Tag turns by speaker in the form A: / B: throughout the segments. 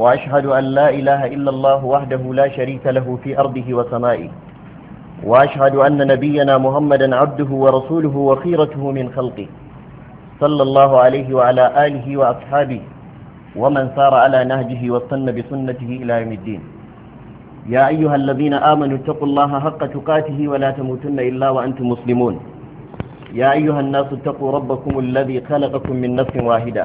A: وأشهد أن لا إله إلا الله وحده لا شريك له في أرضه وسمائه وأشهد أن نبينا محمدا عبده ورسوله وخيرته من خلقه صلى الله عليه وعلى آله وأصحابه ومن سار على نهجه واستنى بسنته إلى يوم الدين يا أيها الذين آمنوا اتقوا الله حق تقاته ولا تموتن إلا وأنتم مسلمون يا أيها الناس اتقوا ربكم الذي خلقكم من نفس واحدة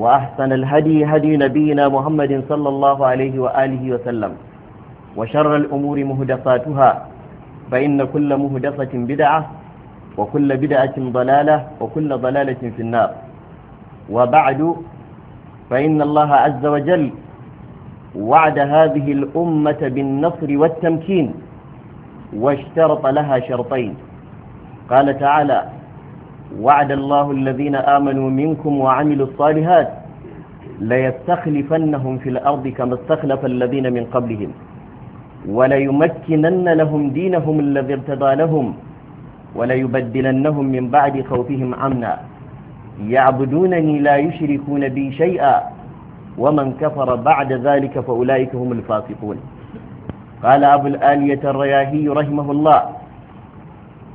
A: وأحسن الهدي هدي نبينا محمد صلى الله عليه وآله وسلم وشر الأمور مهدفاتها فإن كل مهدفة بدعة وكل بدعة ضلالة وكل ضلالة في النار وبعد فإن الله عز وجل وعد هذه الأمة بالنصر والتمكين واشترط لها شرطين قال تعالى وعد الله الذين آمنوا منكم وعملوا الصالحات ليستخلفنهم في الأرض كما استخلف الذين من قبلهم وليمكنن لهم دينهم الذي ارتضى لهم وليبدلنهم من بعد خوفهم عمنا يعبدونني لا يشركون بي شيئا ومن كفر بعد ذلك فأولئك هم الفاسقون قال أبو الآلية الرياهي رحمه الله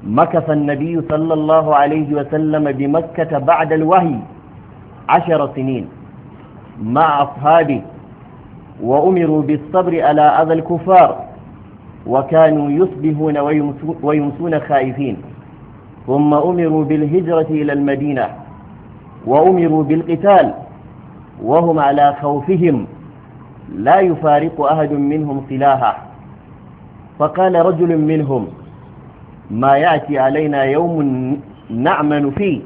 A: مكث النبي صلى الله عليه وسلم بمكة بعد الوهي عشر سنين مع أصحابه وأمروا بالصبر على أذى الكفار وكانوا يصبحون ويمسون خائفين ثم أمروا بالهجرة إلى المدينة وأمروا بالقتال وهم على خوفهم لا يفارق أحد منهم سلاحه فقال رجل منهم ما يأتي علينا يوم نعمل فيه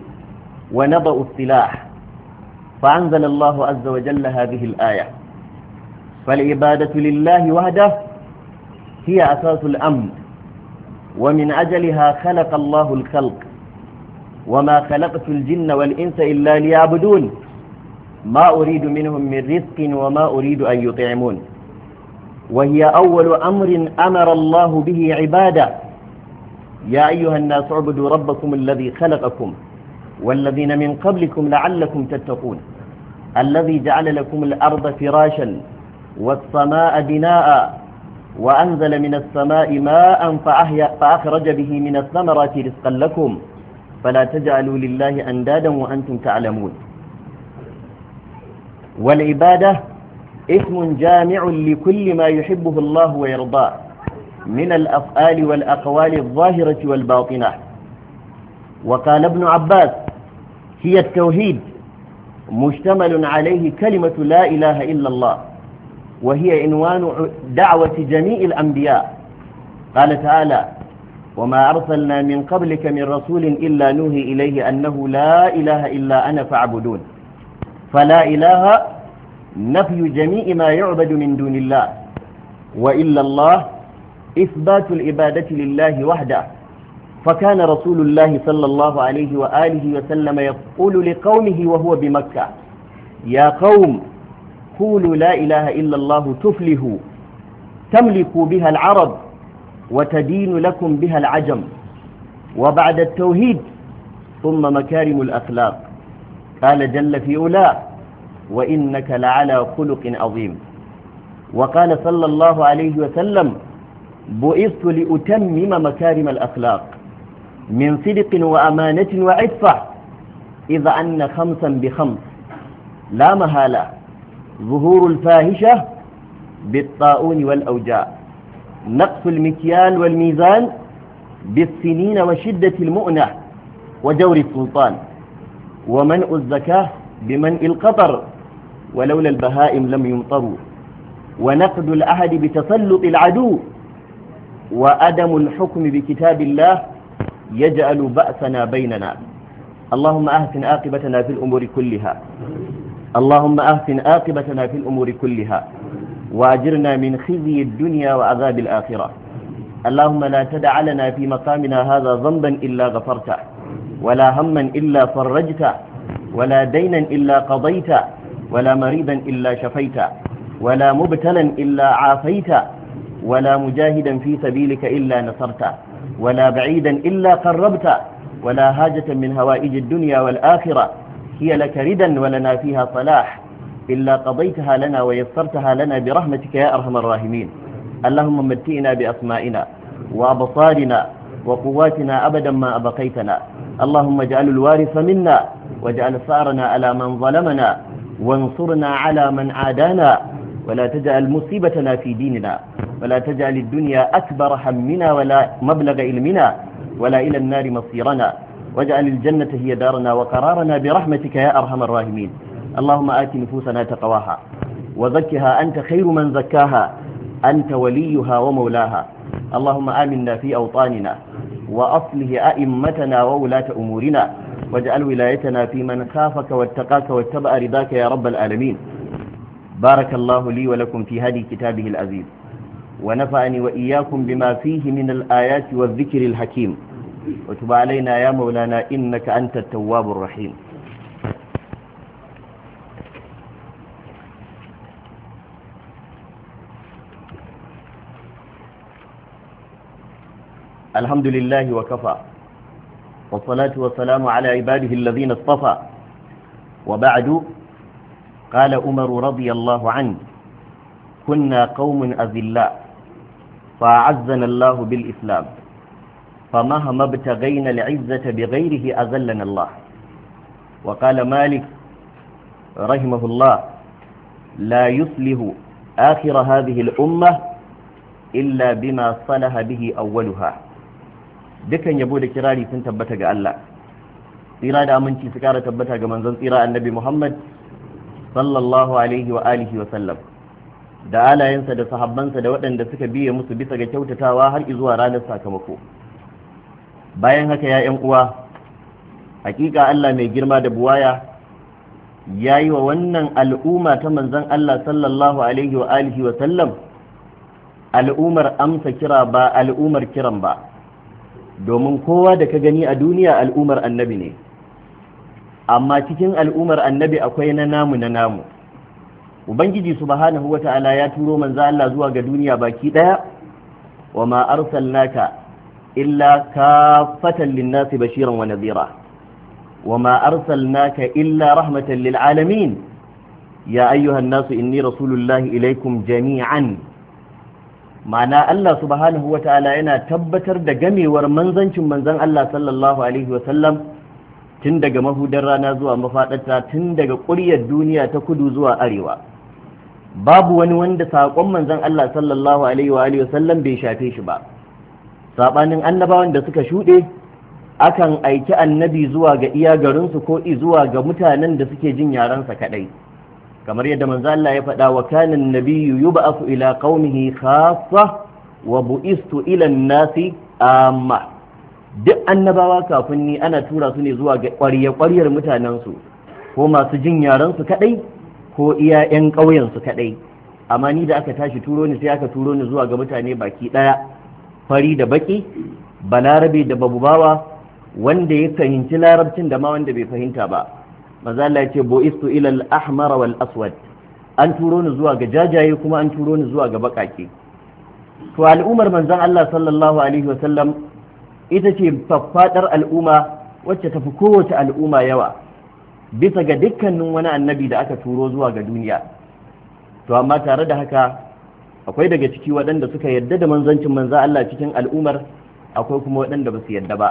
A: ونضأ السلاح فأنزل الله عز وجل هذه الآية فالعبادة لله وحده هي أساس الأمن ومن أجلها خلق الله الخلق وما خلقت الجن والإنس إلا ليعبدون ما أريد منهم من رزق وما أريد أن يطعمون وهي أول أمر أمر الله به عباده يا أيها الناس اعبدوا ربكم الذي خلقكم والذين من قبلكم لعلكم تتقون الذي جعل لكم الأرض فراشا والسماء بناء وأنزل من السماء ماء فأخرج به من الثمرات رزقا لكم فلا تجعلوا لله أندادا وأنتم تعلمون والعبادة اسم جامع لكل ما يحبه الله ويرضاه من الأفعال والأقوال الظاهرة والباطنة وقال ابن عباس هي التوحيد مشتمل عليه كلمة لا إله إلا الله وهي عنوان دعوة جميع الأنبياء قال تعالى وما أرسلنا من قبلك من رسول إلا نوهي إليه أنه لا إله إلا أنا فاعبدون فلا إله نفي جميع ما يعبد من دون الله وإلا الله إثبات العبادة لله وحده فكان رسول الله صلى الله عليه وآله وسلم يقول لقومه وهو بمكة يا قوم قولوا لا إله إلا الله تفلحوا تملكوا بها العرب وتدين لكم بها العجم وبعد التوحيد ثم مكارم الأخلاق قال جل في أولى وإنك لعلى خلق عظيم وقال صلى الله عليه وسلم بعثت لأتمم مكارم الأخلاق من صدق وأمانة وعفة إذ أن خمسا بخمس لا مهالة ظهور الفاهشة بالطاعون والأوجاع نقص المكيال والميزان بالسنين وشدة المؤنة ودور السلطان ومنع الزكاة بمنع القطر ولولا البهائم لم يمطروا ونقد العهد بتسلط العدو وأدم الحكم بكتاب الله يجعل بأسنا بيننا اللهم أهتن آقبتنا في الأمور كلها اللهم أهتن آقبتنا في الأمور كلها وأجرنا من خزي الدنيا وعذاب الآخرة اللهم لا تدع لنا في مقامنا هذا ذنبا إلا غفرته ولا هما إلا فرجته ولا دينا إلا قضيت ولا مريضا إلا شفيته ولا مبتلا إلا عافيت ولا مجاهدا في سبيلك إلا نصرته ولا بعيدا إلا قربته ولا هاجة من هوائج الدنيا والآخرة هي لك ردا ولنا فيها صلاح إلا قضيتها لنا ويسرتها لنا برحمتك يا أرحم الراحمين اللهم متئنا بأسمائنا وأبصارنا وقواتنا أبدا ما أبقيتنا اللهم اجعل الوارث منا واجعل ثارنا على من ظلمنا وانصرنا على من عادانا ولا تجعل مصيبتنا في ديننا ولا تجعل الدنيا أكبر همنا ولا مبلغ علمنا ولا إلى النار مصيرنا واجعل الجنة هي دارنا وقرارنا برحمتك يا أرحم الراحمين اللهم آت نفوسنا تقواها وزكها أنت خير من زكاها أنت وليها ومولاها اللهم آمنا في أوطاننا وأصله أئمتنا وولاة أمورنا واجعل ولايتنا في من خافك واتقاك واتبع رضاك يا رب العالمين بارك الله لي ولكم في هدي كتابه العزيز ونفعني وإياكم بما فيه من الآيات والذكر الحكيم وتب علينا يا مولانا إنك أنت التواب الرحيم الحمد لله وكفى والصلاة والسلام على عباده الذين اصطفى وبعد قال عمر رضي الله عنه كنا قوم أذلاء فأعزنا الله بالإسلام فمهما ابتغينا العزة بغيره أذلنا الله وقال مالك رحمه الله لا يصلح آخر هذه الأمة إلا بما صلح به أولها dukan yabo da kirari sun tabbata ga Allah tsira da aminci su kara tabbata ga manzon tsira annabi Muhammad sallallahu alaihi wa alihi wa sallam da alayensa da sahabbansa da waɗanda suka biye musu bisa ga kyautatawa har zuwa ranar sakamako bayan haka ya ‘yan uwa hakika Allah mai girma da buwaya ya yi wa wannan al'umma ta manzan Allah sallallahu alaihi wa alihi wa sallam al'ummar amsa kira ba al'ummar kiran ba domin kowa da ka gani a duniya al'ummar annabi ne amma cikin al'umar annabi akwai na namu na namu ubangiji subhanahu wata'ala ya turo manzo Allah zuwa ga duniya baki daya wa ma arsalnaka illa kafatan lin-nasi bashiran wa nadhira wa ma arsalnaka illa rahmatan lil-alamin ya ayyuhan nasu inni rasulullahi ilaikum jami'an ma'ana Allah subhanahu wata'ala yana tabbatar da gamewar manzancin manzon Allah sallallahu alaihi wa sallam tun daga mahudar rana zuwa mafaɗarta tun daga ƙuryar duniya ta kudu zuwa arewa babu wani wanda saƙon manzon Allah sallallahu alaihi wa alihi sallam bai shafe shi ba sabanin annabawan da suka shuɗe akan aiki annabi zuwa ga iya su ko zuwa ga mutanen da suke jin yarensa kaɗai kamar yadda manzan Allah ya faɗa wa kanin nabiyyu yub'athu ila qaumihi khassa wa bu'istu ila an-nasi amma duk annabawa kafin ni ana tura su ne zuwa ga ƙwarya-ƙwaryar mutanensu ko masu jin yarensu kaɗai ko iya ƙauyen ƙauyensu kaɗai amma ni da aka tashi turo ni sai aka turo ni zuwa ga mutane baki ɗaya fari da baki balarabe da babubawa wanda ya fahimci larabcin da ma wanda bai fahimta ba maza Allah ya ce Bo bo'istu ilal ahmar wal aswad an turo ni zuwa ga jajaye kuma an turo ni zuwa ga baƙaƙe to al'ummar manzon Allah sallallahu alaihi wa sallam ita ce faffadar al'umma wacce tafi kowace al'umma yawa bisa ga dukkanin wani annabi da aka turo zuwa ga duniya to amma tare da haka akwai daga ciki waɗanda suka yarda da manzancin manza Allah cikin al'umar akwai kuma waɗanda ba su yarda ba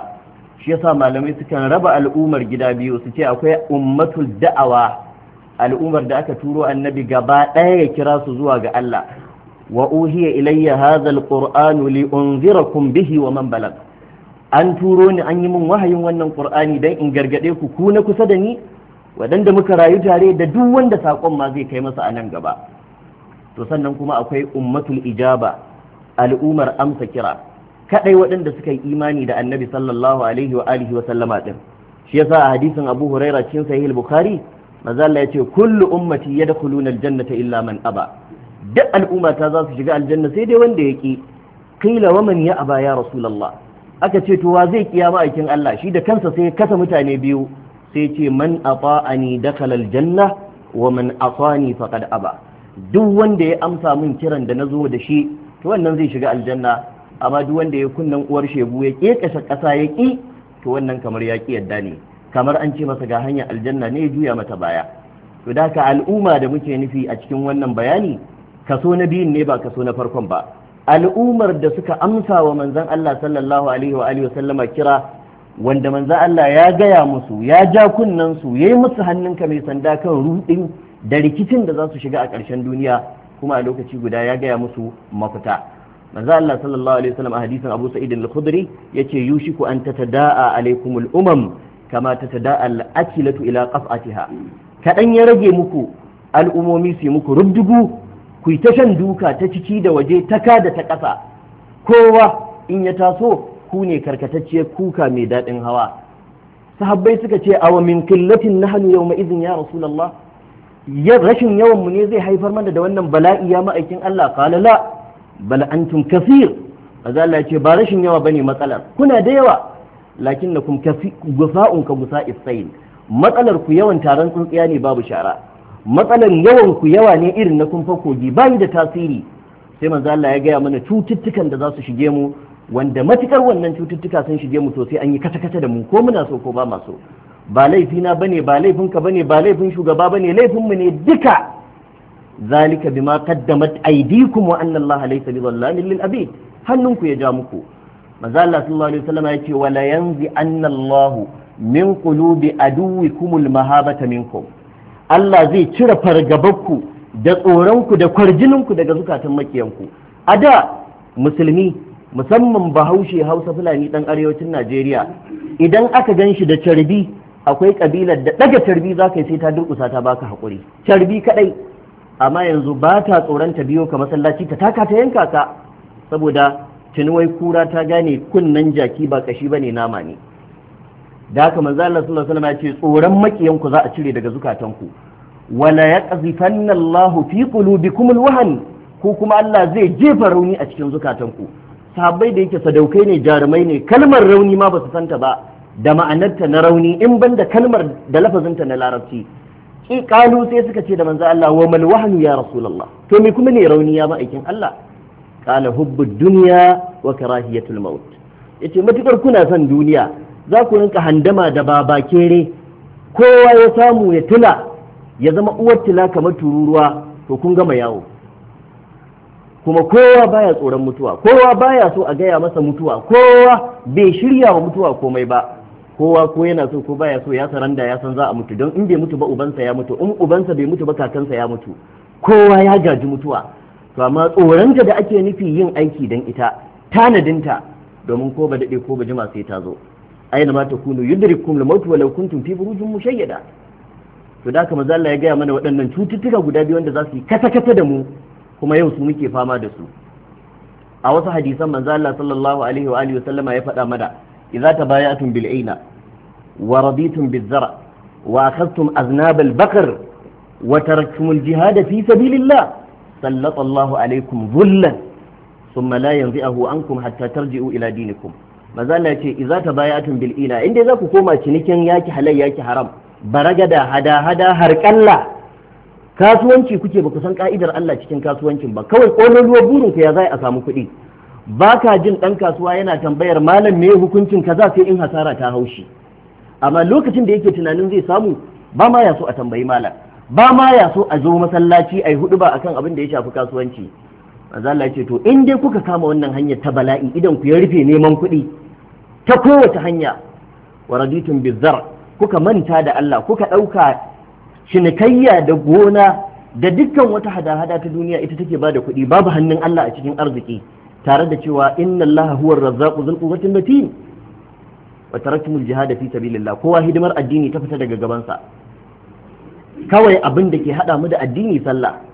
A: shi yasa malamai sukan raba al'umar gida biyu su ce akwai ummatul da'awa al'umar da aka turo annabi gaba ɗaya ya kira su zuwa ga Allah wa uhiya ilayya hadha alqur'anu li unzirakum bihi wa man balagha an turo ni an yi min wahayin wannan qur'ani dan in gargade ku ku na kusa da ni waɗanda muka rayu tare da duk wanda saƙon ma zai kai masa anan gaba to sannan kuma akwai ummatul ijaba al'umar amsa kira kaɗai waɗanda suka yi imani da annabi sallallahu alaihi wa alihi wa sallama din shi yasa a hadisin abu huraira cikin sahih bukhari mazalla Allah yace kullu ummati yadkhuluna aljannata illa man aba duk al'umma ta za su shiga aljanna sai dai wanda ya qila wa man ya aba ya rasulullah aka ce to wa zai kiyama aikin Allah shi da kansa sai ya kasa mutane biyu sai ce man afa'ani dakal aljanna wa man afani faqad aba duk wanda ya amsa min kiran da nazo da shi to wannan zai shiga aljanna amma duk wanda ya kunnan uwar shebu ya kekashe kasa ya ki to wannan kamar ya ki yadda ne kamar an ce masa ga hanyar aljanna ne ya juya mata baya to da ka al'umma da muke nufi a cikin wannan bayani kaso na biyun ne ba kaso na farkon ba al'ummar da suka amsa wa manzan Allah sallallahu alaihi wa alihi sallama kira wanda manzan Allah ya gaya musu ya ja kunnen su yayi musu hannunka mai sanda kan rudin da rikicin da za su shiga a ƙarshen duniya kuma a lokaci guda ya gaya musu mafita manzon Allah sallallahu alaihi wasallam a hadisin Abu Sa'id al-Khudri yace yushiku an tatada'a alaikumul umam kama tatada'a al-akilatu ila qaf'atiha kadan ya rage muku al'umomi su muku rubdugu ku yi ta shan duka ta ciki da waje ta ka da ta ƙasa kowa in ya taso ku ne karkatacciyar kuka mai daɗin hawa sahabbai suka ce awa min killatin hannu yau maizin ya rasulullah ya rashin yawan ne zai haifar mana da wannan bala'i ya ma'aikin Allah kalala la bal antum kaseer ce ba rashin yawa bane matsalar kuna da yawa lakinnakum gusa'un ka gusa'is sayl matsalar ku yawan taron tsuntsiya ne babu shara matsalan yawan ku yawa ne irin na kumfa kogi bayi da tasiri sai manzo Allah ya gaya mana cututtukan da za su shige mu wanda matukar wannan cututtuka sun shige mu to sai an yi kata-kata da mu ko muna so ko ba ma so ba laifina bane ba laifinka bane ba laifin shugaba bane laifin mu ne duka zalika bima qaddamat aydikum wa anna Allah laysa bidhallamin lil abid hannunku ya ja muku manzo Allah sallallahu alaihi wasallam yace wala yanzi anna Allah min qulubi aduwikum al mahabata minkum Allah zai cire fargabarku da tsoronku da kwarjininku daga zukatan makiyanku a da musulmi musamman bahaushe hausa fulani ɗan arewacin najeriya idan aka gan shi da carbi akwai kabilar da ɗaga carbi za ka yi sai ta durkusa ta baka haƙuri carbi kaɗai, amma yanzu ba ta tsoron ta biyo ka masallaci ta taka ta yanka ka saboda tuni wai kura ta gane kunnen jaki ba kashi bane nama ne da haka manzo Allah sallallahu alaihi wasallam ya ce tsoron makiyanku za a cire daga zukatanku wala yaqzifanna Allah fi qulubikum alwahan ko kuma Allah zai jefa rauni a cikin zukatanku sahabbai da yake sadaukai ne jarumai ne kalmar rauni ma ba su santa ba da ma'anarta na rauni in banda kalmar da lafazinta na larabci ki kalu sai suka ce da manzo Allah wa mal wahnu ya rasulullah to me kuma ne rauni ya ma'aikin Allah qala hubbu dunya wa karahiyatul maut yace matukar kuna son duniya za ku rinka handama da babakere kowa ya samu ya tila ya zama uwar tila kamar tururuwa to kun gama yawo kuma kowa baya tsoron mutuwa kowa baya so a gaya masa mutuwa kowa bai shirya wa mutuwa komai ba kowa ko yana so ko baya so ya saranda ya san za a mutu don in bai mutu ba ubansa ya mutu in ubansa bai mutu ba kakansa ya mutu kowa ya gaji mutuwa to amma tsoronta da ake nufi yin aiki don ita tanadinta domin ko ba daɗe ko ba jima sai ta zo aina ma takunu yudrikum al-maut walau kuntum fi burujin mushayyada to da kamar Allah ya gaya mana waɗannan cututtuka guda biyu wanda za su yi kata-kata da mu kuma yau su muke fama da su a wasu hadisan manzo Allah sallallahu alaihi wa alihi wa sallama ya faɗa mana idza tabayatum bil aina wa raditum biz zar' wa akhadtum aznab al baqr wa taraktum al jihad fi sabilillah sallallahu alaikum dhullan thumma la yanzi'ahu ankum hatta tarji'u ila dinikum na ce iza ta baya bil ina inda za ku koma cinikin yaki halal yaki haram baragada hada hada har kalla kasuwanci kuke ba ku san ka'idar Allah cikin kasuwancin ba kawai ƙolon ruwa burin ku ya zai a samu kuɗi ba ka jin ɗan kasuwa yana tambayar malam me hukuncin kaza sai in hasara ta haushi amma lokacin da yake tunanin zai samu ba ma ya so a tambayi malam ba ma ya so a zo masallaci a yi huɗu ba akan abin da ya shafi kasuwanci manzala ce to in dai kuka kama wannan hanyar ta bala'i idan ku ya rufe neman kuɗi ta kowace hanya wa raditun bizar kuka manta da Allah kuka ɗauka cinikayya da gona da dukkan wata hada-hada ta duniya ita take ba da kuɗi babu hannun Allah a cikin arziki tare da cewa inna Allah huwa razzaqu quwwati matin wa taraktumul jihada fi sabilillah kowa hidimar addini ta fita daga gabansa kawai abin da ke hada mu da addini sallah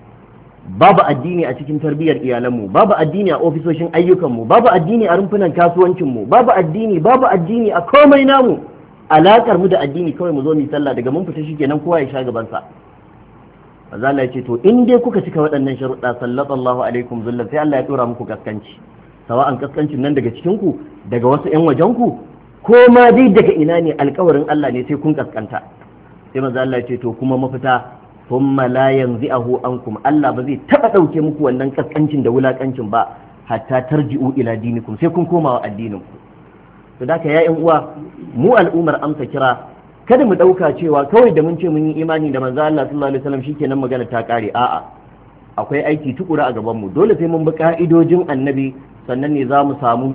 A: babu addini a cikin tarbiyyar iyalanmu babu addini a ofisoshin ayyukanmu babu addini a rumfunan kasuwancinmu babu addini babu addini a komai namu alakar mu da addini kawai mu zo mu sallah daga mun fita shikenan kowa ya sha gaban sa manzo Allah ya ce to in dai kuka cika waɗannan sharuɗa sallallahu alaikum zulla sai Allah ya dora muku kaskanci sawa'an kaskancin nan daga cikin ku daga wasu ƴan wajen ku ko ma dai daga ina ne alƙawarin Allah ne sai kun kaskanta sai manzo Allah ya ce to kuma mafita thumma la a ankum Allah ba zai taɓa ɗauke muku wannan ƙasƙancin da wulaƙancin ba hatta tarji'u ila dinikum sai kun koma wa addinin ku to daka ya uwa mu al'ummar amsa kira kada mu ɗauka cewa kawai da mun ce mun yi imani da manza Allah sallallahu alaihi wasallam nan magana ta kare a'a akwai aiki tukura a gaban mu dole sai mun bi ka'idojin annabi sannan ne za mu samu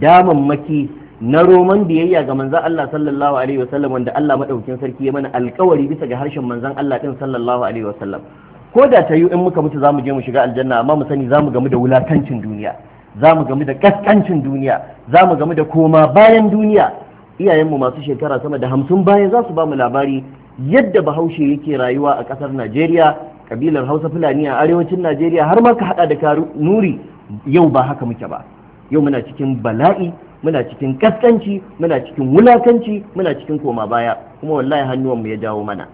A: damammaki na roman biyayya ga manzan Allah sallallahu alaihi wasallam wanda Allah madaukin sarki ya mana alkawari bisa ga harshen manzan Allah din sallallahu alaihi wasallam ko da tayu in muka mutu zamu je mu shiga aljanna amma mu sani zamu gamu da wulakancin duniya zamu gamu da kaskancin duniya zamu gamu da koma bayan duniya iyayenmu masu shekara sama da hamsin bayan za su ba mu labari yadda bahaushe yake rayuwa a ƙasar najeriya kabilar hausa fulani a arewacin najeriya har ma ka haɗa da nuri yau ba haka muke ba yau muna cikin bala'i muna cikin kaskanci muna cikin wulakanci muna cikin koma baya kuma wallahi hannuwanmu ya jawo mana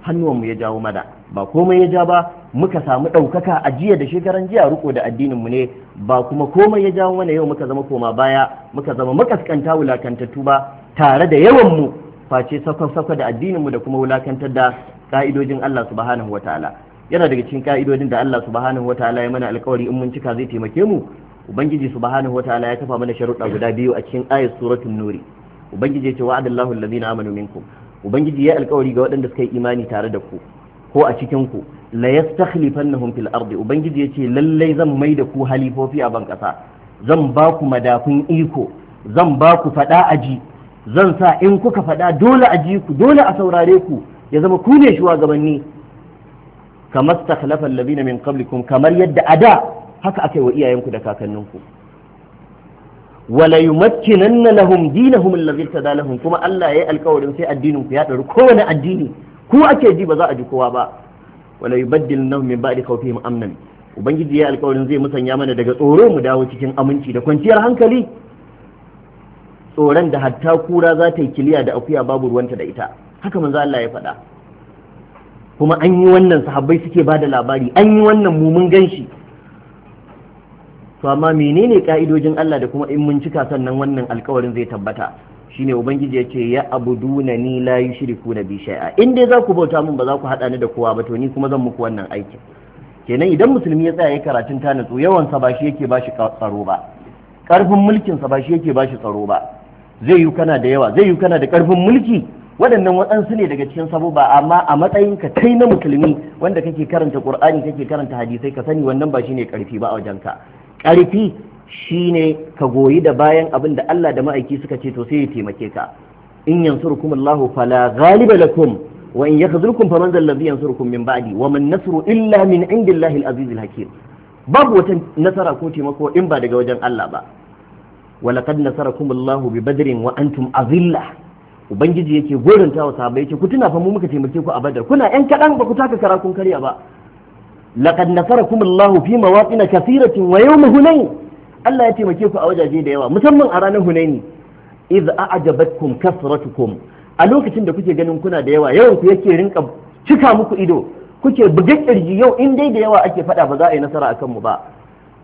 A: hannuwanmu ya jawo mana ba komai ya ja ba muka samu ɗaukaka a jiya da shekaran jiya riko da mu ne ba kuma komai ya jawo mana yau muka zama koma baya muka zama makaskanta wulakantattu ba tare da yawanmu face sako-sako da addininmu da kuma wulakantar da ka'idojin Allah subhanahu wataala yana daga cikin ka'idodin da Allah subhanahu wataala ya mana alƙawari in mun cika zai taimake mu ubangiji subhanahu wataala ya kafa mana sharuɗa guda biyu a cikin ayat suratul nuri ubangiji ya ce wa'adallahu allazina amanu minkum ubangiji ya alkawari ga waɗanda suka yi imani tare da ku ko a cikin ku la yastakhlifannahum fil ardi ubangiji ya ce lallai zan mai da ku halifofi a ban zan ba ku madafun iko zan ba ku faɗa aji zan sa in kuka faɗa dole a ji ku dole a saurare ku ya zama ku ne shugabanni kamar stakhlafa allazina min qablikum kamar yadda ada haka aka yi wa iyayenku da kakanninku wala yumakkinanna lahum dinahum alladhi tada kuma Allah yayi alƙawarin sai addinin ku ya daru kowane addini ku ake ji ba za a ji kowa ba wala yubaddilnahum min ba'di khawfihim amnan ubangiji ya yi alƙawarin zai musanya mana daga tsoro mu dawo cikin aminci da kwanciyar hankali tsoron da hatta kura za ta yi kiliya da akuya babu ruwanta da ita haka manzo Allah ya faɗa kuma an yi wannan sahabbai suke ba da labari an yi wannan mu mun ganshi to amma menene ka'idojin Allah da kuma in mun cika sannan wannan alkawarin zai tabbata shine ubangiji yace ya abuduna ni la yushriku na bi shay'a in dai za ku bauta mun ba za ku hada ni da kowa ba to ni kuma zan muku wannan aikin kenan idan musulmi ya tsaya ya karatun ta natsu yawan sa ba shi yake ba shi tsaro ba karfin mulkin sa ba shi yake ba shi tsaro ba zai yi kana da yawa zai yi kana da karfin mulki waɗannan waɗansu ne daga cikin sabo ba amma a matsayin ka kai na musulmi wanda kake karanta qur'ani kake karanta hadisai ka sani wannan ba shine karfi ba a wajenka ƙarfi shine ka goyi da bayan abin da Allah da ma'aiki suka ce to sai ya taimake ka in yansurukum Allahu fala ghaliba lakum wa in yakhzulkum faman zal ladhi yansurukum min ba'di wa man nasru illa min indillahi al-aziz al-hakim babu wata nasara ko taimako in ba daga wajen Allah ba walaqad nasarakum Allahu bi badrin wa antum azilla ubangiji yake goranta wa sahabbai yake ku tuna fa mu muka taimake ku a badar kuna yan kadan ba ku taka kara kun karya ba laqad nasarakum Allahu fi mawaqin kathiratin wa yawm hunain Allah ya taimake ku a wajaje da yawa musamman a ranar hunaini iz a'jabatkum kasratukum a lokacin da kuke ganin kuna da yawa yawan ku yake rinka cika muku ido kuke buga kirji yau in dai da yawa ake faɗa ba za a yi nasara akan mu ba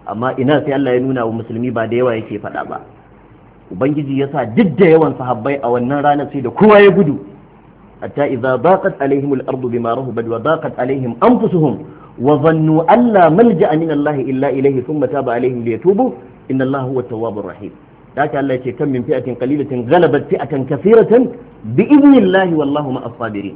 A: amma ina sai Allah ya nuna wa musulmi ba da yawa yake faɗa ba ubangiji ya sa duk da yawan sahabbai a wannan ranar sai da kowa ya gudu hatta idza daqat alaihim al-ardu bima rahabat wa daqat alaihim anfusuhum wa zannu an la malja Allah illa ilayhi thumma taba alaihim liyatubu inna Allah huwa tawwabur rahim haka Allah ce kan min fi'atin qalilatin ghalabat fi'atan kathiratan bi idnillahi wallahu ma'as sabirin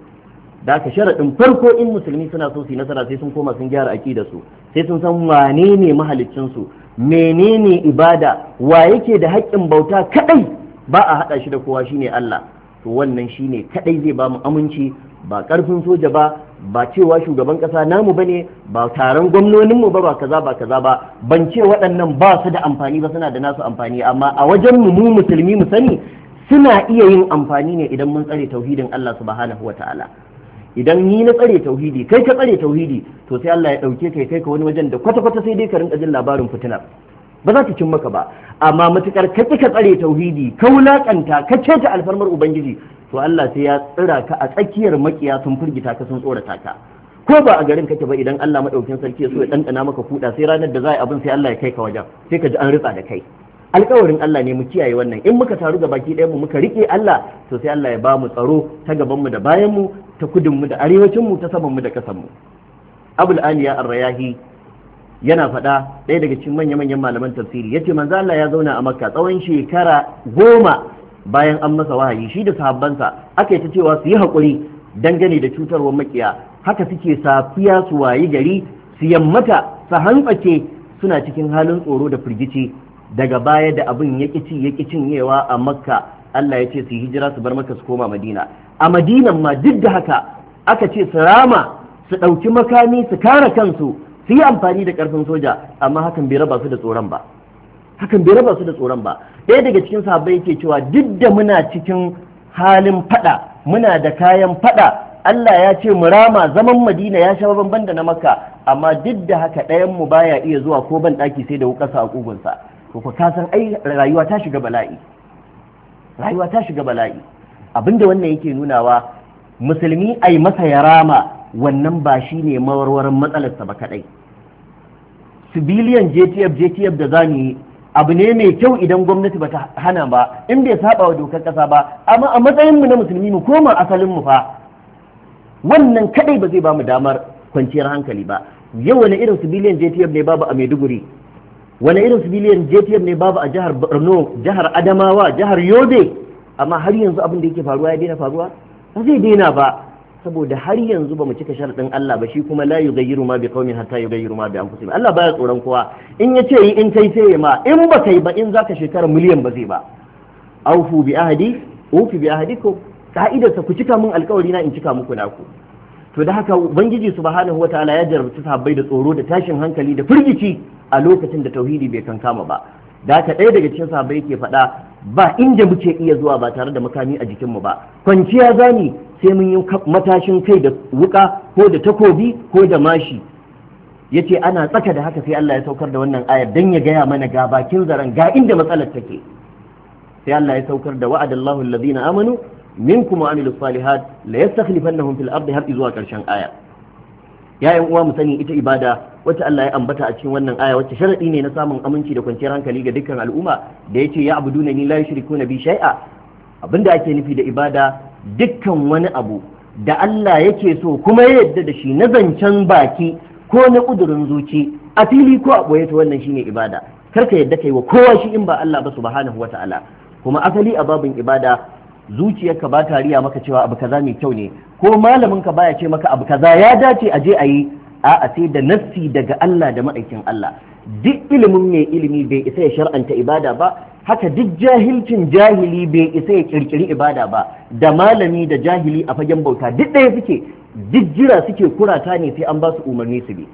A: da ka sharaɗin farko in musulmi suna so su nasara sai sun koma sun gyara aƙida su sai sun san wane ne mahaliccinsu menene ibada wa yake da hakkin bauta kadai ba a haɗa shi da kowa shine Allah to wannan shine kadai zai ba mu aminci ba ƙarfin soja ba ba cewa shugaban kasa namu ne, ba taron gwamnoninmu ba ba kaza ba kaza ba ban ce waɗannan ba su da amfani ba suna da nasu amfani amma a wajen mu mu musulmi mu sani suna iya yin amfani ne idan mun tsare tauhidin Allah subhanahu wataala idan ni na tsare tauhidi kai ka tsare tauhidi to sai Allah ya dauke kai kai ka wani wajen da kwata kwata sai dai ka rinka jin labarin fitina ba za ta cin maka ba amma matukar ka ka tsare tauhidi ka wulakanta ka ce ta alfarmar ubangiji to Allah sai ya tsira ka a tsakiyar makiya sun firgita ka sun tsorata ka ko ba a garin kake ba idan Allah madaukin sarki ya so ya dandana maka kuda sai ranar da za a abin sai Allah ya kai ka wajen sai ka ji an ritsa da kai alkawarin Allah ne mu kiyaye wannan in muka taru ga baki ɗayan mu muka rike Allah to sai Allah ya ba mu tsaro ta gaban mu da bayan mu ta kudin mu da arewacin mu ta saman mu da kasan mu Abul Aliya Ar-Rayahi yana faɗa ɗaya daga cikin manya-manyan malaman tafsiri yace manzo Allah ya zauna a Makka tsawon shekara goma bayan an masa wahayi shi da sahabbansa aka yi ta cewa su yi haƙuri dangane da cutarwar makiya haka suke safiya su wayi gari su yammata su hantsake suna cikin halin tsoro da firgici daga baya da abin ya ƙici ya cinyewa a makka Allah ya ce su hijira su bar maka su koma madina a madinan ma duk da haka aka ce su rama su ɗauki makami su kare kansu su yi amfani da ƙarfin soja amma hakan bai raba su da tsoron ba hakan bai raba su da tsoron ba ɗaya daga cikin sahabbai yake cewa duk da muna cikin halin fada muna da kayan fada Allah ya ce mu rama zaman Madina ya sha bamban da na Makka amma duk da haka ɗayan mu baya iya zuwa ko ban ɗaki sai da wukarsa a kugunsa to ku ka san ai rayuwa ta shiga bala'i rayuwa ta shiga bala'i abinda wannan yake nunawa musulmi ai masa yarama, wannan ba shi ne mawarwarin matsalarsa ba kadai civilian jtf jtf da za ni. abu ne mai kyau idan gwamnati bata hana ba in bai saba wa dokar kasa ba amma a matsayin mu na musulmi mu koma asalin mu fa wannan kadai ba zai ba mu damar kwanciyar hankali ba yau wani irin civilian JTF ne babu a Maiduguri wani irin civilian JTF ne babu a jihar Borno jihar Adamawa jihar Yobe amma har yanzu abin da yake faruwa ya daina faruwa ba zai daina ba saboda har yanzu ba mu cika sharaɗin Allah ba shi kuma la yughayyiru ma biqaumin hatta yughayyiru ma bi anfusihim Allah baya tsoron kowa in yace yi in tai sai ma in ba kai ba in zaka shekara miliyan ba zai ba aufu bi ahadi ufi bi ka'ida ta ku cika min alkawari na in cika muku naku to da haka ubangiji subhanahu wataala ya jarabci sahabbai da tsoro da tashin hankali da firgici a lokacin da tauhidi bai kankama ba da haka ɗaya daga cikin sahabbai ke faɗa ba inda muke iya zuwa ba tare da makami a jikinmu ba kwanciya zani sai mun yi matashin kai da wuka ko da takobi ko da mashi Ya ce ana tsaka da haka sai Allah ya saukar da wannan ayar don ya gaya mana ga bakin zaren ga inda matsalar take sai Allah ya saukar da wa'adallahu alladhina amanu min kuma amilu salihat la yastakhlifannahum fil ardi har zuwa karshen ayar ya yan uwa mu sani ita ibada wacce Allah ya ambata a cikin wannan aya wacce sharadi ne na samun aminci da kwanciyar hankali ga dukkan al'umma da yace ya na ni la na bi shay'a abinda ake nufi da ibada dukkan wani abu da Allah yake so kuma ya yadda da shi na zancen baki ko na kudurin zuci a fili ko a boye ta wannan shine ibada karka yadda kai wa kowa shi in ba Allah ba subhanahu wataala kuma asali a babin ibada zuciyarka ba ta riya maka cewa abu kaza mai kyau ne ko malamin ka baya ce maka abu kaza ya dace a je a yi a'a sai da nassi daga Allah da ma'aikin Allah duk ilimin mai ilimi bai isa ya shar'anta ibada ba haka duk jahilcin jahili bai isa ya kirkiri ibada ba da malami da jahili a fagen bauta duk ɗaya suke jijjira suke kurata ne sai an ba su umarni su bi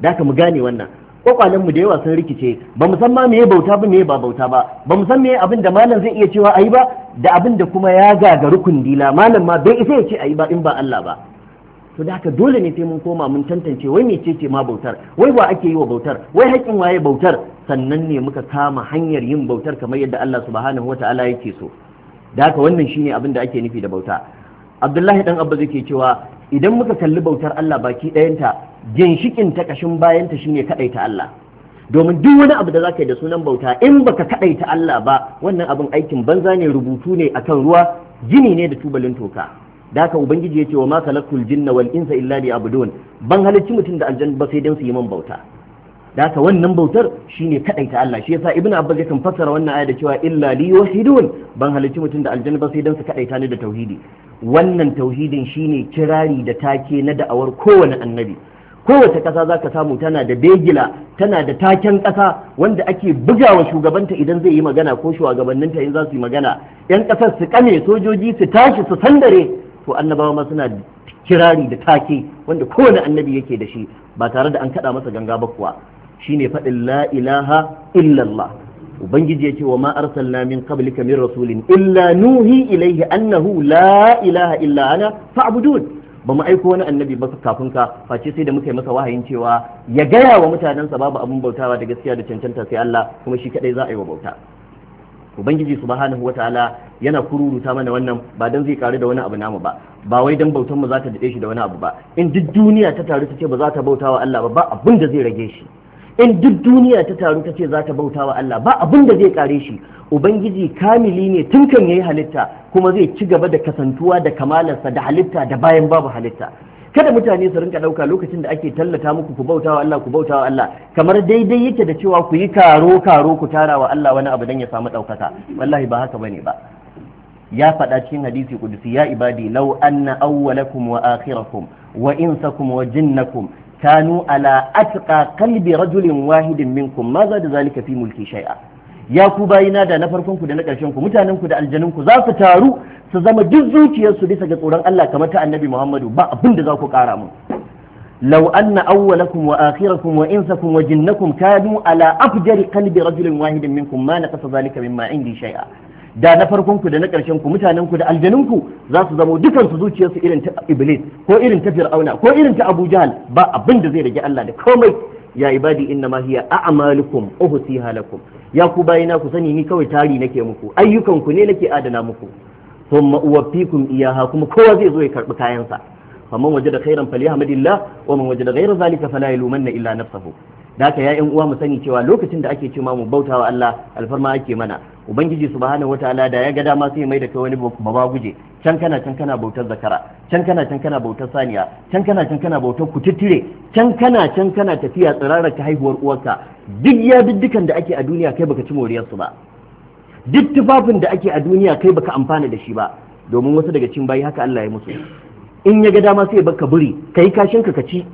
A: da ka mu gane wannan kwakwalen mu da yawa sun rikice ba mu san ma meye bauta ba meye ba bauta ba ba mu san meye abin da malam zai iya cewa ayi ba da abin da kuma ya gagaru kundila malam ma bai isa ya ce ayi ba in ba Allah ba to da haka dole ne sai mun koma mun tantance wai me ce ma bautar wai wa ake yi wa bautar wai haƙƙin waye bautar sannan ne muka kama hanyar yin bautar kamar yadda Allah subhanahu wata'ala yake so da haka wannan shine abin da ake nufi da bauta Abdullahi dan Abba zai ke cewa idan muka kalli bautar Allah baki ɗayanta ginshikin ta kashin bayanta shine kadaita Allah domin duk wani abu da zaka yi da sunan bauta in baka kadaita Allah ba wannan abin aikin banza ne rubutu ne akan ruwa gini ne da tubalin toka da haka ubangiji ya ce wa ma khalaqul jinna wal insa illa abudun ban halicci mutum da aljanna ba sai dan su yi man bauta da haka wannan bautar shine kadaita Allah shi yasa ibnu abbas yakan fassara wannan aya da cewa illa li wahidun ban halicci mutum da aljanna ba sai dan su kadaita ne da tauhidi wannan tauhidin shine kirari da take na da'awar kowane annabi kowace ƙasa za ka samu tana da begila tana da taken ƙasa wanda ake bugawa shugabanta idan zai yi magana ko shugabanninta in za su yi magana yan ƙasar su ƙame sojoji su tashi su sandare to annabawa ma suna kirari da take wanda kowane annabi yake da shi ba tare da an kaɗa masa ganga ba kuwa shine faɗin la ilaha illallah ubangiji ya ce wa ma arsalna min qablika min rasulin illa nuhi ilaihi annahu la ilaha illa ana fa'budun ba mu aiko wani annabi ba kafin ka face sai da muka yi masa wahayin cewa ya gaya wa mutanensa babu abin bautawa da gaskiya da cancanta sai Allah kuma shi kadai za a yi wa bauta ubangiji subhanahu wataala yana kururuta mana wannan ba dan zai karu da wani abu namu ba ba wai dan bautan mu za ta dade shi da wani abu ba in duk duniya ta taru ta ce ba za ta bautawa Allah ba ba abin da zai rage shi in duk duniya ta taru ta ce za ta bauta wa Allah ba abin da zai kare shi ubangiji kamili ne tun kan yayi halitta kuma zai ci gaba da kasantuwa da kamalarsa da halitta da bayan babu halitta kada mutane su rinka dauka lokacin da ake tallata muku ku bauta wa Allah ku bauta wa Allah kamar daidai yake da cewa ku yi karo karo ku tara wa Allah wani abu dan ya samu daukaka wallahi ba haka bane ba ya faɗa cikin hadisi kudusi ya ibadi law anna awwalakum wa akhirakum wa insakum wa jinnakum kanu ala atqa qalbi rajulin wahidin minkum ma da zalika fi mulki shay'a ya ku bayina da na farkon ku da na ƙarshen ku mutanen da aljanun ku za su taru su zama duk zuciyarsu bisa ga tsoron Allah kama ta annabi Muhammadu ba abin da za ku kara mu لو أن أولكم وآخركم وإنسكم وجنكم كانوا على أفجر قلب رجل واحد منكم ما نقص ذلك مما عندي شيئا da na farkon ku da na ƙarshen ku mutanen ku da aljanun ku za su zamo dukan su zuciyarsu irin ta iblis ko irin ta fir'auna ko irin ta abu jahal ba abin da zai rage Allah da komai ya ibadi inna ma hiya a'malukum uhsiha lakum ya ku bayina ku sani ni kawai tari nake muku ayyukan ku ne nake adana muku thumma uwaffikum iyaha kuma kowa zai zo ya karbi kayansa faman wajada khairan falyahmadillah wa man wajada ghayra zalika fala yalumanna illa nafsahu da haka yayan uwa mu sani cewa lokacin da ake ce mu bautawa Allah alfarma ake mana ubangiji subhanahu wataala da ya ga dama sai mai da kai wani baba guje can kana can kana bautar zakara can kana can kana bautar saniya can kana can kana bautar kututtire can kana can kana tafiya tsirarar ta haihuwar uwarka duk ya diddikan da ake a duniya kai baka ci moriyar su ba duk tufafin da ake a duniya kai baka amfana da shi ba domin wasu daga cikin bayi haka Allah ya musu in ya ga dama sai baka buri kai kashin ka ci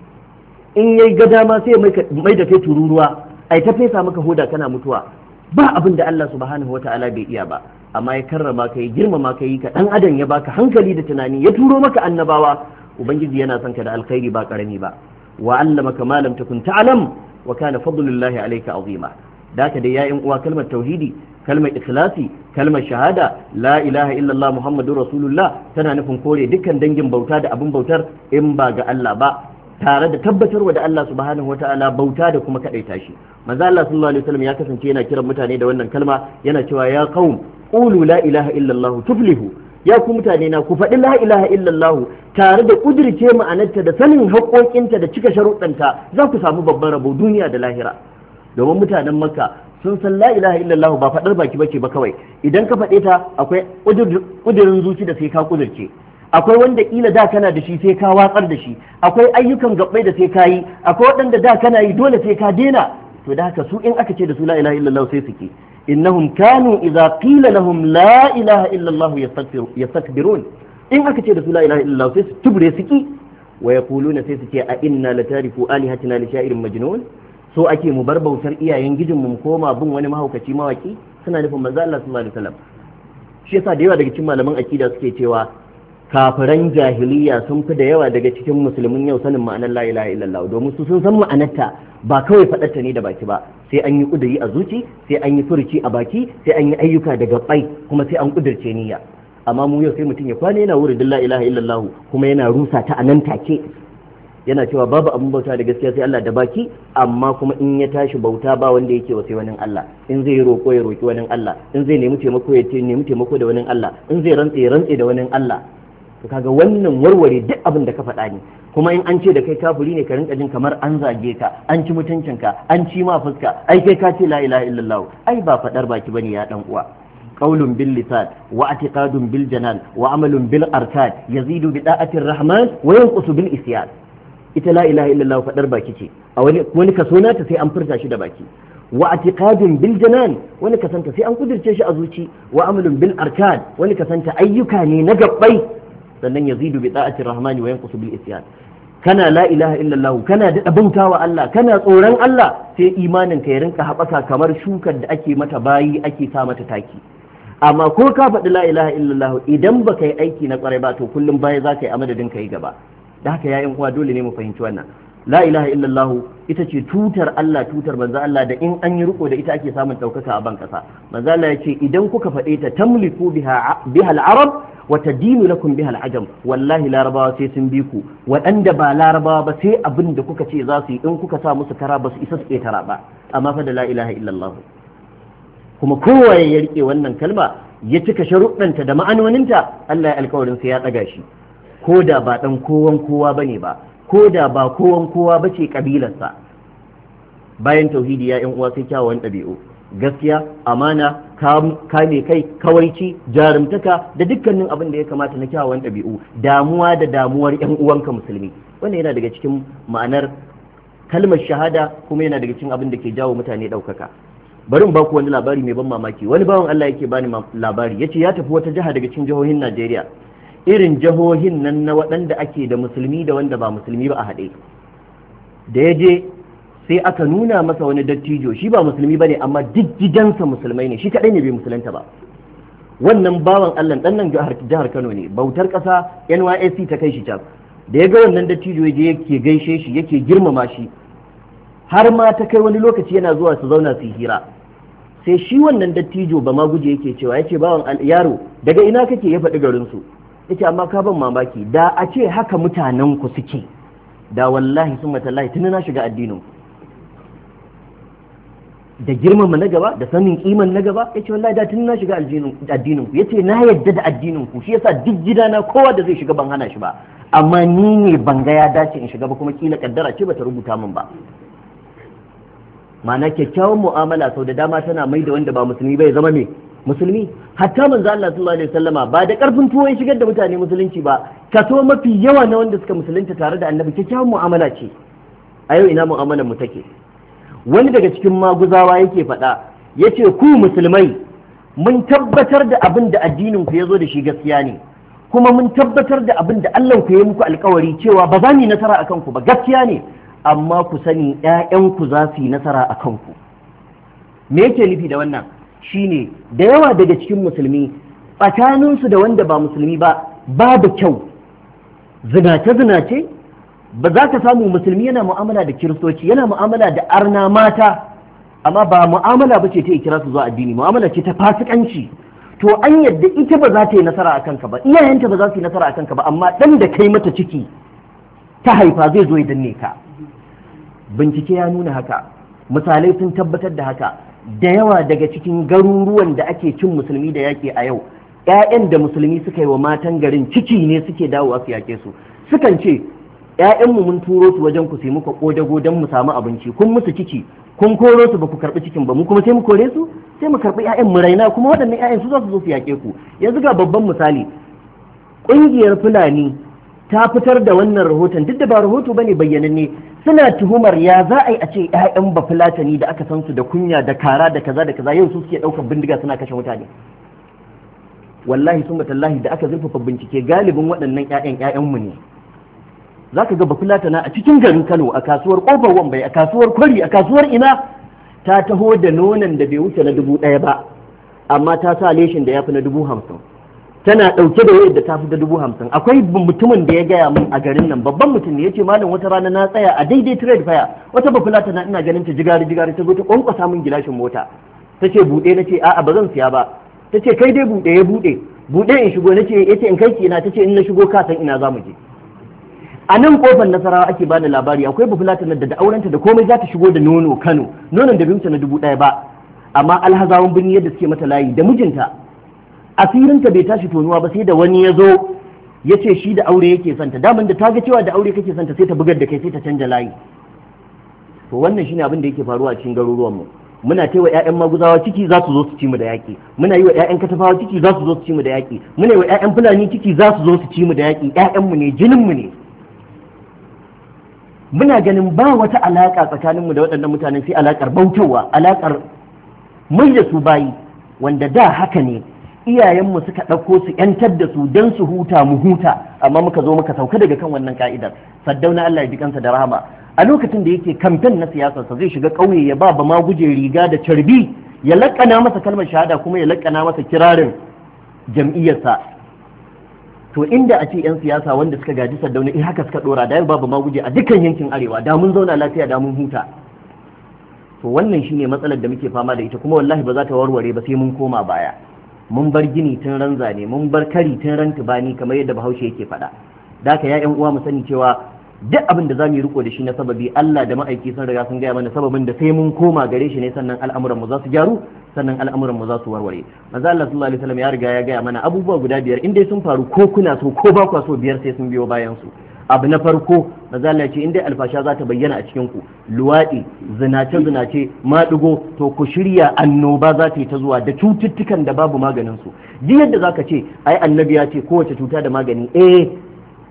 A: in ya ga dama sai ya mai da kai tururuwa ai ta fesa maka hoda kana mutuwa ba abin da Allah subhanahu ta'ala bai iya ba amma ya karrama ka ya girmama ka yi ka dan adam ya baka hankali da tunani ya turo maka annabawa ubangiji yana son ka da alkhairi ba karami ba wa allamaka ma lam takun ta'lam wa kana fadlullahi alayka azima daka da yayin uwa kalmar tauhidi kalmar ikhlasi kalmar shahada la ilaha illallah muhammadur rasulullah tana nufin kore dukkan dangin bauta da abin bautar in ba ga Allah ba tare da tabbatarwa da Allah subhanahu wata'ala bauta da kuma kadaita shi manzo Allah sallallahu alaihi wasallam ya kasance yana kiran mutane da wannan kalma yana cewa ya qaum qulu la ilaha illallah tuflihu ya ku mutane na ku faɗi la ilaha illallah tare da kudirce ma'anarta da sanin haƙƙoƙinta da cika sharuɗanta za ku samu babban rabo duniya da lahira domin mutanen makka sun san la ilaha illallah ba faɗar baki bace ba kawai idan ka faɗe ta akwai kudirin zuci da sai ka kudirce akwai wanda kila da kana da shi sai ka watsar da shi akwai ayyukan gabbai da sai ka akwai waɗanda da kana yi dole sai ka dena to da haka su in aka ce da su la ilaha illallah sai suke innahum kanu idza qila lahum la ilaha illallah yastakbirun in aka ce da su la ilaha illallah sai su tubre su ki wa yaquluna sai su ce a inna latariku alihatina li sha'irin majnun so ake mu bar bautar iyayen gijin mu koma bin wani mahaukaci mawaki suna nufin manzo Allah sallallahu alaihi wasallam shi yasa da yawa daga cikin malaman akida suke cewa kafiran jahiliya sun fi da yawa daga cikin musulmin yau sanin ma'anar la ilaha illallah domin su sun san ma'anarta ba kawai faɗarta ne da baki ba sai an yi ƙuduri a zuci sai an yi furuci a baki sai an yi ayyuka daga bai kuma sai an ƙudurce niyya amma mu yau sai mutum ya kwana yana wuri la ilaha illallah kuma yana rusa ta anan take yana cewa babu abin bauta da gaskiya sai Allah da baki amma kuma in ya tashi bauta ba wanda yake wa sai wani Allah in zai roƙo ya roƙi wani Allah in zai nemi taimako ya nemi taimako da wani Allah in zai rantse ya rantse da wani Allah to kaga wannan warware duk abin da ka faɗa ne kuma in an ce da kai kafiri ne ka rinka jin kamar an zage ka an ci mutuncinka an ci ma fuska ai kai ka ce la ilaha illallah ai ba faɗar baki bane ya dan uwa Ƙaulun bil lisan wa i'tiqadun bil janan wa amalun bil arkan yazidu bi da'atir rahman wa yanqusu bil isyan ita la ilaha illallah faɗar baki ce a wani wani kaso nata sai an furta shi da baki wa Biljanan bil janan wani kasanta sai an kudirce shi a zuci wa amalun bil arkan wani kasanta ayyuka ne na gabbai sannan yazidu bi ta'ati rahmani wa yanqusu bil isyan kana la ilaha illallah kana da bautawa Allah kana tsoron Allah sai imanin ka ya rinka haɓaka kamar shukar da ake mata bayi ake sa mata taki amma ko ka faɗi la ilaha illallah idan baka yi aiki na kwarai ba to kullum baya za ka yi a madadin ka yi gaba da haka ya kuwa dole ne mu fahimci wannan la ilaha illallah ita ce tutar Allah tutar banza Allah da in an yi riko da ita ake samun daukaka a bankasa banza manzo Allah ya ce idan kuka faɗe ta tamliku biha biha al-arab wa tadinu lakum biha al-ajam wallahi larabawa sai sun bi ku waɗanda ba larabawa ba sai abin da kuka ce za su yi in kuka sa musu kara ba su isa su tara ba amma fa da la ilaha illallah kuma kowaye ya rike wannan kalma ya cika sharuɗanta da ma'anoninta Allah ya alkawarin sai ya ɗaga shi ko da ba ɗan kowan kowa bane ba ko da ba kowan kowa ba ce kabilarsa bayan tauhidi ya yan uwa sai kyawawan ɗabi'u gaskiya amana kame kai kawaici jarumtaka da dukkanin abin da ya kamata na kyawawan ɗabi'u damuwa da damuwar yan uwanka musulmi wannan yana daga cikin ma'anar kalmar shahada kuma yana daga cikin abin da ke jawo mutane ɗaukaka bari ba ku wani labari mai ban mamaki wani bawan Allah yake bani labari yace ya tafi wata jiha daga cikin jihohin Najeriya irin jihohin nan na waɗanda ake da musulmi da wanda ba musulmi ba a haɗe da ya je sai aka nuna masa wani dattijo shi ba musulmi ba ne amma jijjigansa musulmai ne shi kaɗai ne bai musulunta ba wannan bawan allah ɗan nan jihar kano ne bautar ƙasa nysc ta kai shi can da ya ga wannan dattijo ya je yake gaishe shi yake girmama shi har ma ta kai wani lokaci yana zuwa su zauna su hira sai shi wannan dattijo ba ma guje yake cewa yace bawan yaro daga ina kake ya faɗi garinsu yace amma ka ban mamaki da a ce haka mutanen ku suke da wallahi sun matallahi tuni na shiga addinin da girmama na gaba da sanin kiman na gaba yace wallahi da tuni na shiga addinin ku yace na yadda da addinin ku shi yasa duk na kowa da zai shiga ban hana shi ba amma ni ne ban ga ya dace in shiga ba kuma kila kaddara ce bata rubuta min ba ma'ana kyakkyawan mu'amala sau da dama tana mai da wanda ba musulmi bai zama mai musulmi hatta manzo Allah sallallahu alaihi wasallama ba da karfin tuwo shigar da mutane musulunci ba kaso mafi yawa na wanda suka musulunta tare da annabi kyakkyawan mu'amala ce a yau ina mu'amalar mu take wani daga cikin maguzawa yake faɗa ya ce ku musulmai mun tabbatar da abin da addinin ku zo da shi gaskiya ne kuma mun tabbatar da abin da Allah ku yi muku alkawari cewa ba za ni nasara akan ku ba gaskiya ne amma ku sani ƴaƴanku za su yi nasara akan ku me yake nufi da wannan shine da yawa daga cikin musulmi tsakaninsu da wanda ba musulmi ba ba da kyau zinace-zinace ba za ka samu musulmi yana mu'amala da kiristoci yana mu'amala da arna mata amma ba mu'amala ba ce ta kira su zuwa addini mu'amala ce ta fasikanci to an yadda ita ba za ta yi nasara a kanka ba iyayenta ba za su yi nasara a kanka ba amma ɗan da kai mata ciki ta haifa zai zo ya danne ka bincike ya nuna haka misalai sun tabbatar da haka da yawa daga cikin garuruwan da ake cin musulmi da yaƙi a yau ‘ya'yan da musulmi suka yi wa matan garin ciki ne suke dawowa su yaƙe su sukan ce ‘ya'yanmu mun turo su wajen ku sai muka ƙodago don mu samu abinci kun musu ciki kun koro su ba ku karɓi cikin ba mu kuma sai mu kore su sai mu karɓi ‘ya'yan mu raina kuma waɗannan ‘ya'yan su za su zo su yaƙe ku yanzu ga babban misali ƙungiyar fulani ta fitar da wannan rahoton duk da ba rahoto bane bayyananne suna tuhumar ya za a yi a ce ƴaƴan bafulatani da aka san su da kunya da kara da kaza da kaza yau su suke ɗaukar bindiga suna kashe mutane wallahi sun tallahi da aka zurfafa bincike galibin waɗannan ƴaƴan mu ne zaka ga bafulatana a cikin garin Kano a kasuwar Kofar Wambai a kasuwar Kwari a kasuwar ina ta taho da nonon da bai wuce na dubu ɗaya ba amma ta sa leshin da ya fi na dubu hamsin tana ɗauke da wayar da ta fi da dubu hamsin akwai mutumin da ya gaya min a garin nan babban mutum ne ya ce malam wata rana na tsaya a daidai trade fire wata bafula tana ina ganin ta jigari jigari ta zo ta kwankwasa min gilashin mota ta ce buɗe na ce a'a ba zan siya ba ta ce kai dai buɗe ya buɗe buɗe in shigo na ce ya ce in kai ki ina ta ce in na shigo ka san ina za mu je a nan kofar nasarawa ake bani labari akwai bafula tana da aurenta da komai za ta shigo da nono kano nonon da bai na dubu ɗaya ba amma alhazawan birni yadda suke mata layi da mijinta asirinka bai tashi tonuwa ba sai da wani ya zo ya ce shi da aure yake santa daman da ta ga cewa da aure kake santa sai ta bugar da kai sai ta canja layi to wannan shine abin da yake faruwa a cikin garuruwanmu muna taiwa ƴaƴan maguzawa ciki za su zo su ci mu da yaƙi muna yi wa ƴaƴan katafawa ciki za su zo su ci mu da yaƙi muna yi wa ƴaƴan fulani ciki za su zo su ci mu da yaƙi mu ne jininmu ne muna ganin ba wata alaƙa tsakaninmu da waɗannan mutanen sai alaƙar bautarwa alaƙar mai da su bayi wanda da haka ne iyayenmu suka ɗauko su ‘yantar da su don su huta mu huta amma muka zo muka sauka daga kan wannan ka'idar saddauna Allah ya ji kansa da rahama a lokacin da yake kamfen na siyasarsa zai shiga ƙauye ya ba ba ma guje riga da carbi ya laƙana masa kalmar shahada kuma ya laƙana masa kirarin jam'iyyarsa to inda a ce 'yan siyasa wanda suka gaji saddauna in eh, haka suka ɗora da ba ma guje a dukkan yankin arewa da mun zauna lafiya da mun huta to wannan shine matsalar da muke fama da ita kuma wallahi ba za ta warware ba sai mun koma baya mun bar gini tun ran zane mun bar kari tun ran tubani kamar yadda bahaushe yake faɗa da ka ya yan uwa mu sani cewa duk abin da za mu riko da shi na sababi Allah da ma'aiki sun riga sun gaya mana sababin da sai mun koma gare shi ne sannan al'amuran mu za su gyaru sannan al'amuran mu za su warware manzo Allah sallallahu alaihi wasallam ya riga ya gaya mana abubuwa guda biyar in dai sun faru ko kuna so ko ba ku so biyar sai sun biyo bayan su abu na farko manzo ce in dai alfasha za ta bayyana a cikin ku luwaɗi zinace zinace maɗigo, to ku shirya annoba za ta yi ta zuwa da cututtukan da babu maganin su ji yadda ka ce ai annabi ya ce kowace cuta da magani eh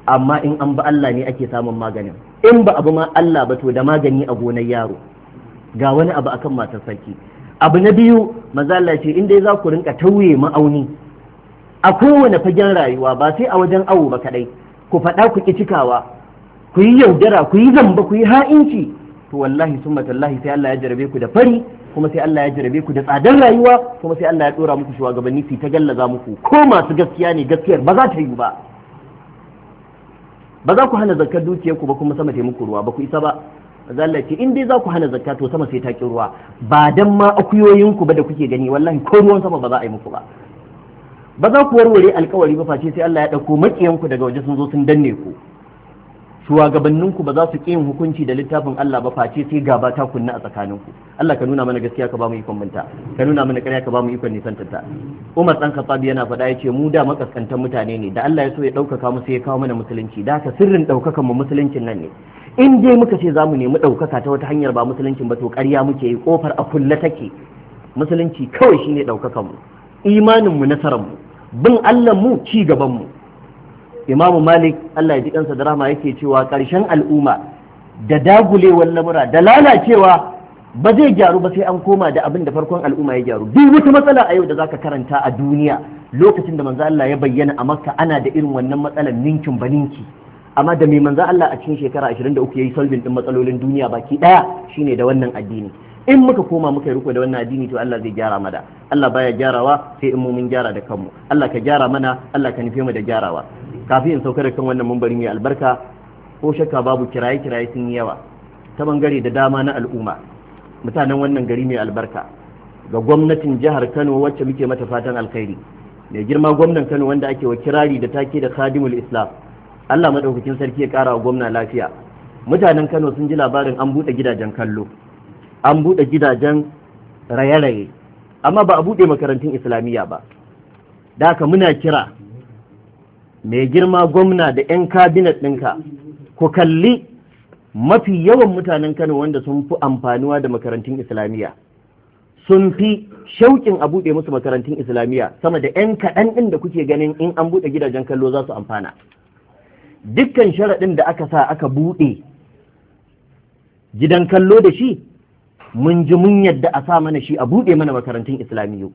A: amma in an ba Allah ne ake samun maganin in ba abu ma Allah ba to da magani a gonar yaro ga wani abu akan matar sarki abu na biyu mazalla ce in dai za ku rinka tauye ma'auni a kowane fagen rayuwa ba sai a wajen awo ba kadai ku faɗa ku ki cikawa ku yi yaudara ku yi zamba ku yi ha'inci to wallahi summa tallahi sai Allah ya jarabe ku da fari kuma sai Allah ya jarabe ku da tsadar rayuwa kuma sai Allah ya dora muku shugabanni su ta gallaza muku ko masu gaskiya ne gaskiyar ba za ta yi ba ba za ku hana zakkar dukiyar ku ba kuma sama muku ruwa ba ku isa ba zalla ce in dai za ku hana zakka to sama sai ta ki ruwa ba dan ma akuyoyin ku ba da kuke gani wallahi ko ruwan sama ba za a yi muku ba ba za ku warware alkawari ba face sai Allah ya dauko makiyan daga waje sun zo sun danne ku ku ba za su ƙi yin hukunci da littafin Allah ba face sai gaba ta kunna a tsakaninku Allah ka nuna mana gaskiya ka ba mu ikon minta. ka nuna mana ƙarya ka ba mu ikon nisantanta Umar dan Khattab yana faɗa yace mu da makaskantan mutane ne da Allah ya so ya ɗaukaka mu sai ya kawo mana musulunci da haka sirrin ɗaukakan mu musuluncin nan ne in dai muka ce zamu nemi ɗaukaka ta wata hanyar ba musuluncin ba to ƙarya muke yi kofar a kulle take musulunci kawai shine ɗaukakan mu imanin mu nasaran mu bin Allah mu ci gaban mu imamu malik allah ya ji kansa da rahama yake cewa ƙarshen al'umma da dagulewar lamura da lalacewa ba zai gyaru ba sai an koma da abin da farkon al'umma ya gyaru duk wata matsala a yau da zaka karanta a duniya lokacin da manzo Allah ya bayyana a makka ana da irin wannan matsalar ninkin baninki amma da mai manzo Allah a cikin shekara 23 yayi solving din matsalolin duniya baki daya shine da wannan addini in muka koma muka riko da wannan addini to Allah zai gyara mana Allah baya gyarawa sai in mu mun gyara da kanmu Allah ka gyara mana Allah ka nufe mu da gyarawa kafin in sauka da kan wannan mambarin mai albarka ko shakka babu kiraye kiraye sun yi yawa ta bangare da dama na al'umma mutanen wannan gari mai albarka ga gwamnatin jihar Kano wacce muke mata fatan alkhairi mai girma gwamnan Kano wanda ake wa kirari da take da khadimul islam Allah maɗaukakin sarki ya ƙara wa gwamna lafiya mutanen Kano sun ji labarin an buɗe gidajen kallo an buɗe gidajen raye-raye amma ba a buɗe makarantun islamiyya ba da haka muna kira mai girma gwamna da 'yan kabinet ɗinka ku kalli mafi yawan mutanen kano wanda sun fi amfaniwa da makarantun islamiyya sun fi shauƙin a buɗe musu makarantun islamiyya sama da 'yan kaɗan ɗin da kuke ganin in an buɗe gidajen kallo za su amfana dukkan sharaɗin da aka sa aka buɗe gidan kallo da shi mun ji mun yadda a sa mana shi a buɗe mana makarantun islamiyyu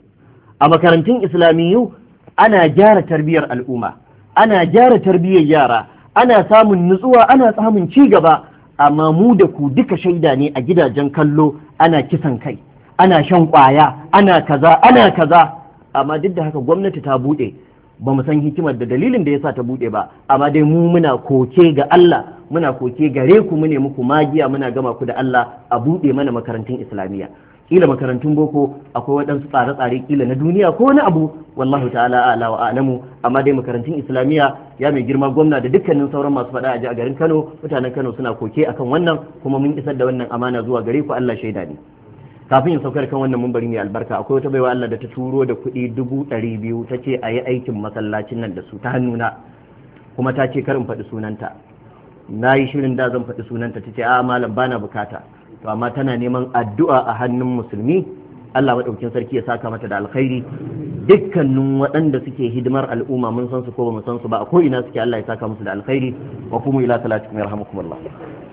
A: a makarantun islamiyyu ana gyara tarbiyyar al'umma ana gyara tarbiyyar yara ana samun nutsuwa ana samun ci gaba amma mu da ku duka shaida ne a gidajen kallo ana kisan kai ana shan kwaya ana kaza ana kaza amma duk da haka gwamnati ta buɗe ba mu san hikimar da dalilin da ya sa ta buɗe ba amma dai mu muna koke ga Allah muna koke gare ku mu ne muku magiya muna gama ku da Allah a buɗe mana makarantun islamiyya kila makarantun boko akwai waɗansu tsare-tsare kila na duniya ko wani abu wallahu ta'ala ala wa alamu amma dai makarantun islamiyya ya mai girma gwamna da dukkanin sauran masu faɗa a ji a garin Kano mutanen Kano suna koke akan wannan kuma mun isar da wannan amana zuwa gare ku Allah shaida ne kafin in saukar kan wannan mun bari mai albarka akwai wata baiwa Allah da ta turo da kuɗi dubu ɗari biyu ta ce a yi aikin masallacin nan da su ta hannuna kuma ta ce karin faɗi sunanta na yi shirin da zan faɗi sunanta ta ce a malam bana bukata to amma tana neman addu'a a hannun musulmi Allah maɗaukin sarki ya saka mata da alkhairi dukkanin waɗanda suke hidimar al'umma mun san su ko ba mu san su ba a ko ina suke Allah ya saka musu da alkhairi wa kuma ila salatikum yarhamukumullah